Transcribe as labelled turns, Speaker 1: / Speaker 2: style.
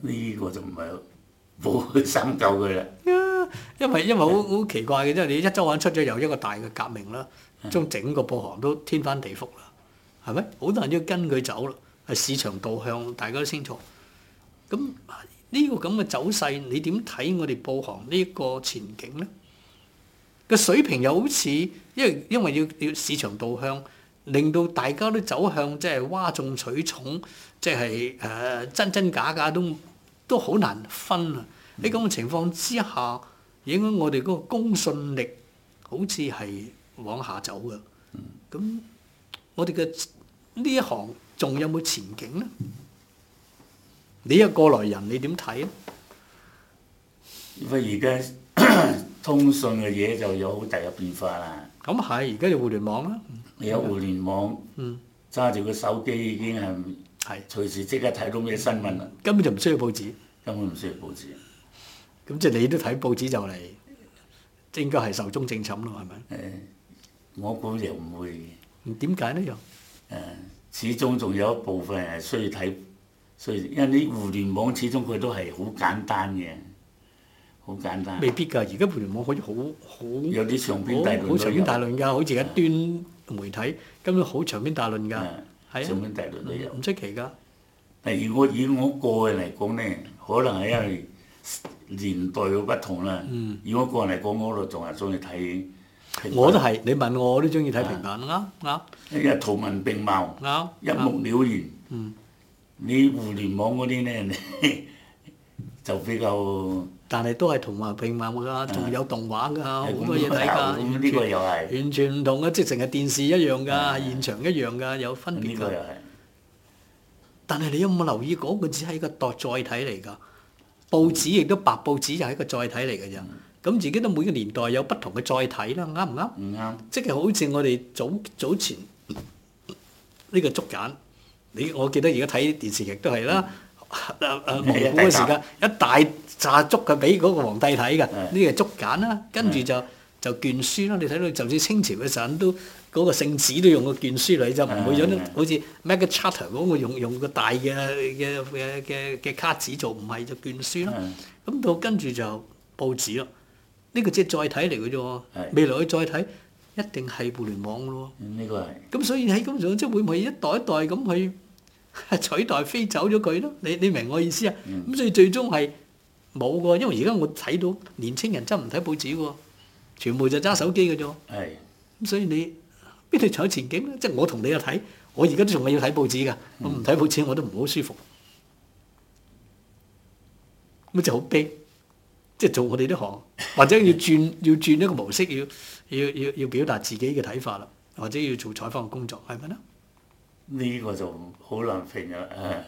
Speaker 1: 呢、這個就唔係好去深究佢啦。
Speaker 2: 因為因為好好奇怪嘅，因為你壹週刊出咗又一個大嘅革命啦，將整個報行都天翻地覆啦，係咪？好多人都要跟佢走啦，係市場導向，大家都清楚。咁呢、這個咁嘅走勢，你點睇我哋報行呢個前景呢？個水平又好似，因為因為要要市場導向，令到大家都走向即係嘩眾取寵，即係誒真真假假都。都好難分啊！喺咁嘅情況之下，影響我哋嗰個公信力，好似係往下走嘅。咁我哋嘅呢
Speaker 1: 一行仲有冇前景呢？你一個過來人，你點睇呢？因為而家通訊嘅嘢就有好大嘅變化啦。咁係，而家有互聯網啦。有互聯網，揸住個手機已經係。係隨時即刻睇到咩新聞啦！根本就唔需要報紙，根本唔需要報紙。咁即係你都睇報紙就嚟，即應該係壽終正
Speaker 2: 寢咯，係咪？我估又唔會。唔點解呢？又
Speaker 1: 誒，始終仲有一部分係需要睇，因為啲互聯網始終佢都係好簡單嘅，好簡單。未必㗎，而家互聯網可以好好有啲長篇大
Speaker 2: 論㗎，好似一段媒體根本好長篇大論㗎。上有、
Speaker 1: 啊，唔出奇噶。例如我以我個人嚟講呢，可能係因為年代嘅不同啦、嗯。以我個人嚟講，我咧仲係中意睇。我都係，你問我都中意睇平板啦，啱。一、啊啊、圖文並茂、啊啊，一目了然。嗯、你互聯網嗰啲你。 就比較，但係都係同埋平凡㗎，仲有動畫㗎，好多嘢睇㗎。完
Speaker 2: 全唔同嘅，即係成係電視一樣㗎，現場一樣㗎，有分別㗎。但係你有冇留意？嗰、那個只係一個載載體嚟㗎，報紙亦都白報紙又係一個載體嚟㗎咋，咁、嗯、自己都每個年代有不同嘅載體啦，啱唔啱？即、嗯、係、就是、好似我哋早早前呢、這個竹簡，你我記得而家睇電視劇都係啦。嗯。誒誒蒙古嘅時間，一大紮竹係俾嗰個皇帝睇㗎，呢個竹簡啦，跟住就就卷書啦。你睇到，就算清朝嘅時候都嗰個聖旨都用個卷書嚟，就唔會有啲好似《Magna Charter》嗰個用用個大嘅嘅嘅嘅嘅卡紙做，唔係就卷書咯。咁到跟住就報紙咯。呢個即係載體嚟嘅啫喎，未來嘅載體一定係互聯網咯。咁呢個係。咁所以喺咁上，即係會唔會一代一代咁去？取代飛走咗佢咯，你你明我意思啊？咁所以最終係冇嘅，因為而家我睇到年青人真唔睇報紙嘅喎，全部就揸手機嘅啫。咁、嗯、所以你邊度仲有前景咧？即係我同你又睇，我而家都仲係要睇報紙嘅、嗯，我唔睇報紙我都唔好舒服。咁就好悲，即、就、係、是、做我哋啲行，或者要轉、嗯、要轉一個模式，要要要要表達自己嘅睇法啦，或者要做採訪嘅工作，係咪咧？
Speaker 1: 呢個就好難評啦。